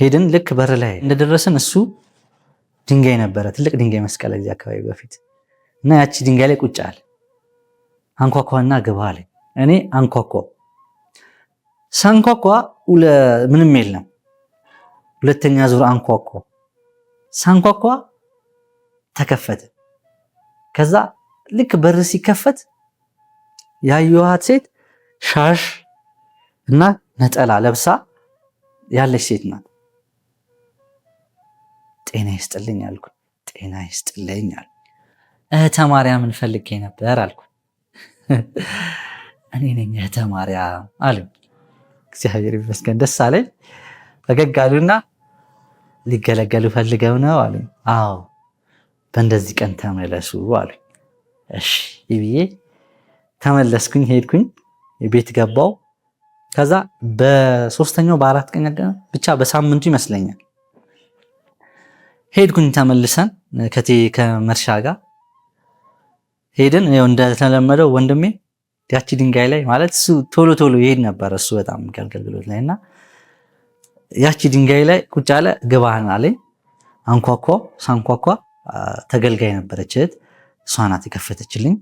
ሄድን። ልክ በር ላይ እንደደረስን እሱ ድንጋይ ነበረ፣ ትልቅ ድንጋይ መስቀል ዚ አካባቢ በፊት እና ያቺ ድንጋይ ላይ ቁጭ አለ። አንኳኳና ግባ አለኝ። እኔ አንኳኳ ሳንኳኳ ምንም የለም። ሁለተኛ ዙር አንኳኳ ሳንኳኳ ተከፈተ። ከዛ ልክ በር ሲከፈት ያየኋት ሴት ሻሽ እና ነጠላ ለብሳ ያለች ሴት ናት። ጤና ይስጥልኝ አልኩ። ጤና ይስጥልኝ አሉ። እህተ ማርያም እንፈልጌ ነበር አልኩ። እኔ ነኝ እህተ ማርያም አሉ። እግዚአብሔር ይመስገን ደስ አለኝ። ፈገግ አሉና ሊገለገሉ ፈልገው ነው አሉ። አዎ በእንደዚህ ቀን ተመለሱ አሉ። እሺ ብዬ ተመለስኩኝ፣ ሄድኩኝ፣ ቤት ገባው። ከዛ በሶስተኛው በአራት ቀን ብቻ በሳምንቱ ይመስለኛል ሄድኩኝ ተመልሰን ከቴ ከመርሻ ጋር ሄድን። እንደተለመደው ወንድሜ ያቺ ድንጋይ ላይ ማለት እሱ ቶሎ ቶሎ ይሄድ ነበር እሱ በጣም ከአገልግሎት ላይ እና ያቺ ድንጋይ ላይ ቁጭ አለ። ግባህን አለኝ። አንኳኳ። ሳንኳኳ ተገልጋይ ነበረች እህት፣ እሷ ናት የከፈተችልኝ።